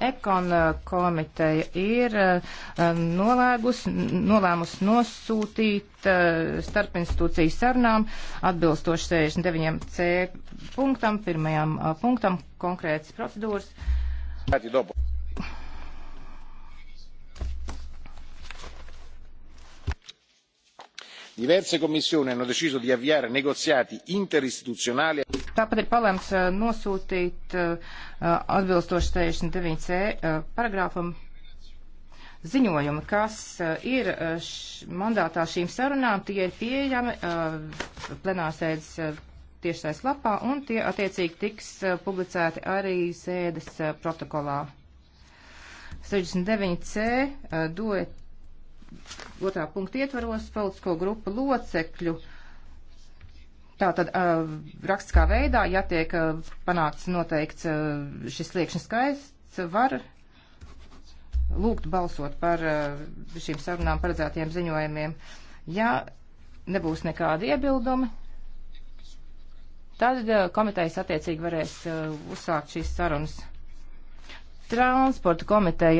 Ekon eh, eh, komiteja ir eh, nolēgus, nolēmus nosūtīt starp institūciju sarunām atbilstoši 69C punktam, pirmajam punktam konkrētas procedūras. diverse commissioni hanno deciso di avviare negoziati interistituzionali. Tāpat ir palēmts eh, nosūtīt eh, atbilstoši 69c eh, paragrāfam ziņojumu, kas ir š, mandātā šīm sarunām, tie ir pieejami plenārsēdes tiešsais lapā un tie attiecīgi tiks publicēti arī sēdes protokolā. 69c duet otrā punkta ietvaros politisko grupu locekļu. Tātad uh, rakstiskā veidā, ja tiek uh, panākts noteikts uh, šis liekšņa skaists, var lūgt balsot par uh, šīm sarunām paredzētiem ziņojumiem. Ja nebūs nekādi iebildumi, tad uh, komitejas attiecīgi varēs uh, uzsākt šīs sarunas. Transporta komiteja